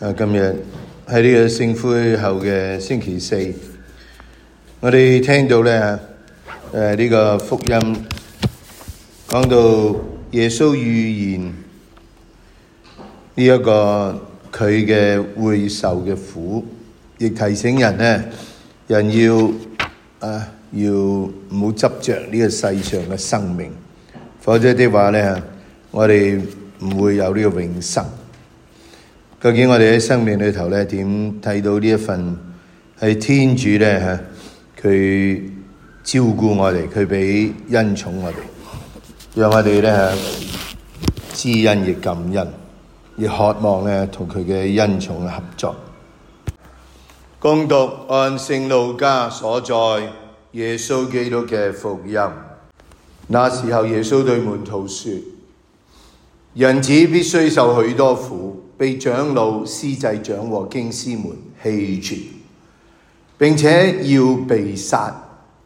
啊！今日係呢個聖灰後嘅星期四，我哋聽到咧，誒呢個福音講到耶穌預言呢一個佢嘅會受嘅苦，亦提醒人咧，人要啊要唔好執着呢個世上嘅生命，否則的話咧，我哋唔會有呢個永生。究竟我哋喺生命裏頭呢，點睇到呢一份係天主呢？吓，佢照顧我哋，佢俾恩寵我哋，讓我哋呢知恩亦感恩，亦渴望呢同佢嘅恩寵合作。恭讀按聖路加所載，耶穌基督嘅福音。那時候，耶穌對門徒說：人子必須受許多苦，被長老、司祭長和經師們棄絕，並且要被殺，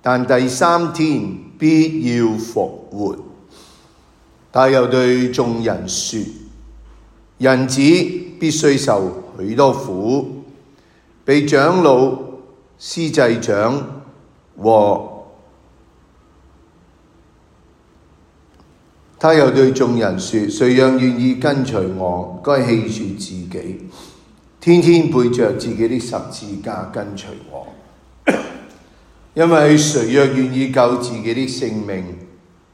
但第三天必要復活。他又對眾人説：人子必須受許多苦，被長老、司祭長和他又對眾人說：誰若願意跟隨我，該棄絕自己，天天背着自己的十字架跟隨我。 因為誰若願意救自己的性命，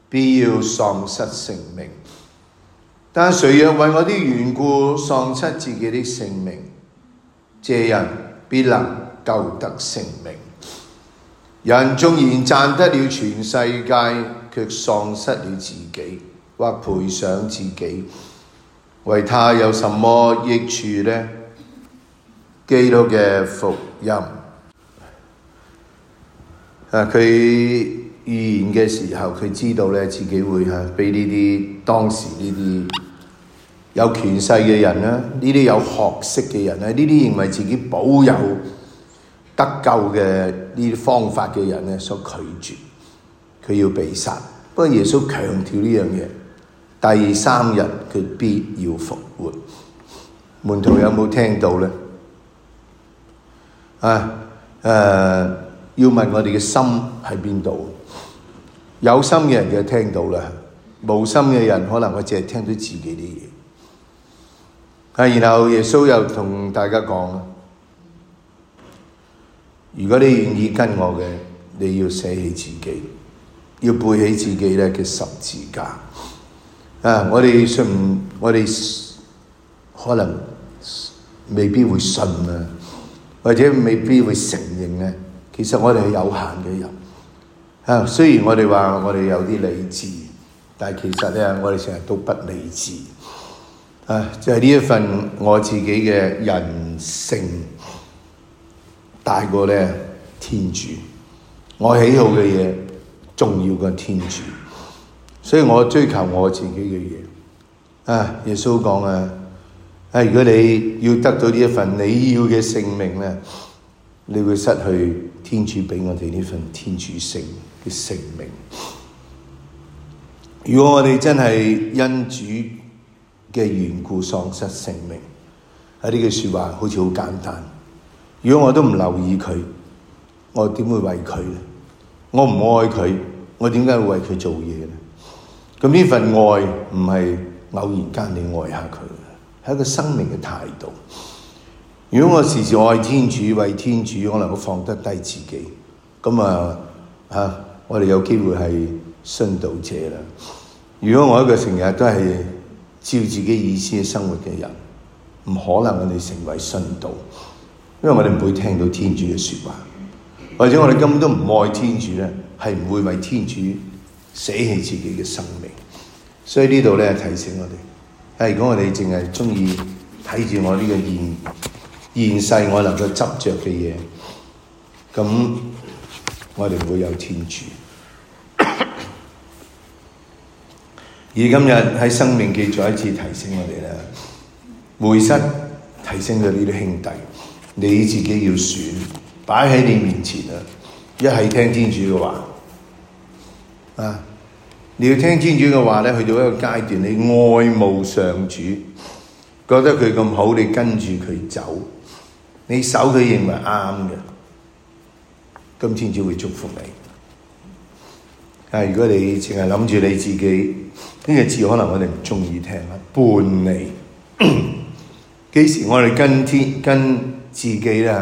必要喪失性命；但誰若為我的緣故喪失自己的性命，這人必能救得性命。人縱然賺得了全世界，却喪失了自己。或賠上自己，為他有什麼益處呢？基督嘅福音，誒、啊，佢預言嘅時候，佢知道咧自己會係俾呢啲當時呢啲有權勢嘅人咧、啊，呢啲有學識嘅人咧、啊，呢啲認為自己保有得救嘅呢啲方法嘅人咧、啊，所拒絕，佢要被殺。不過耶穌強調呢樣嘢。第三日佢必要復活，門徒有冇聽到咧？啊誒，要問我哋嘅心喺邊度？有心嘅人就聽到啦，冇心嘅人可能我淨係聽到自己啲嘢。啊，然後耶穌又同大家講：如果你願意跟我嘅，你要捨棄自己，要背起自己咧嘅十字架。啊！我哋信，我哋可能未必會信啊，或者未必會承認咧。其實我哋係有限嘅人啊，雖然我哋話我哋有啲理智，但係其實咧，我哋成日都不理智啊！就係、是、呢一份我自己嘅人性，大過咧天主，我喜好嘅嘢重要過天主。所以我追求我自己嘅嘢啊。耶穌講啊，啊，如果你要得到呢一份你要嘅性命呢，你會失去天主俾我哋呢份天主性嘅性命。如果我哋真係因主嘅緣故喪失性命，啊呢句説話好似好簡單。如果我都唔留意佢，我點會為佢？我唔愛佢，我點解會為佢做嘢呢？咁呢份愛唔係偶然間你愛下佢，係一個生命嘅態度。如果我時時愛天主、為天主，我能夠放得低自己。咁啊，我哋有機會係殉道者啦。如果我一個成日都係照自己意思的生活嘅人，唔可能我哋成為殉道，因為我哋唔會聽到天主嘅說話，或者我哋根本都唔愛天主咧，係唔會為天主。捨棄自己嘅生命，所以呢度咧提醒我哋，誒，如果我哋淨係鍾意睇住我呢個現現世我能夠執着嘅嘢，咁我哋唔會有天主。 而今日喺生命記再一次提醒我哋啦，梅瑟提醒咗呢啲兄弟，你自己要選，擺喺你面前啦，一係聽天主嘅話。啊！你要聽天主嘅話咧，去到一個階段，你愛慕上主，覺得佢咁好，你跟住佢走，你守佢認為啱嘅，噉天主會祝福你。但係如果你淨係諗住你自己，呢個字可能我哋唔中意聽啦。叛離，幾時我哋跟天跟自己咧？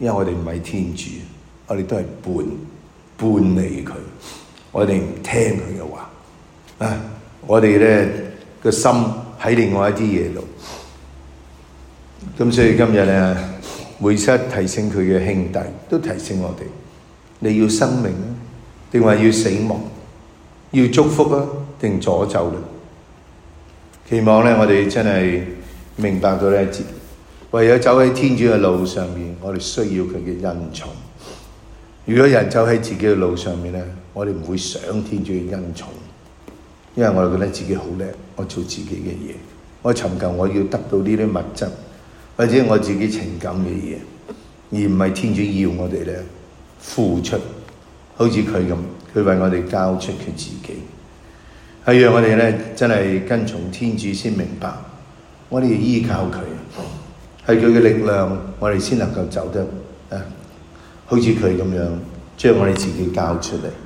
因為我哋唔係天主，我哋都係叛叛離佢。我哋唔聽佢嘅話，啊！我哋呢個心喺另外一啲嘢度，咁所以今日呢，梅瑟提醒佢嘅兄弟，都提醒我哋：你要生命啊，定係要死亡？要祝福啊，定詛咒呢？期望呢，我哋真係明白到呢一切，為咗走喺天主嘅路上面，我哋需要佢嘅恩寵。如果有人走喺自己嘅路上面咧，我哋唔會想天主嘅恩寵，因為我哋覺得自己好叻，我做自己嘅嘢，我尋求我要得到呢啲物質或者我自己情感嘅嘢，而唔係天主要我哋咧付出，好似佢咁，佢為我哋交出佢自己，係讓我哋咧真係跟從天主先明白，我哋要依靠佢，係佢嘅力量，我哋先能夠走得啊。好似佢咁樣，將我哋自己交出嚟。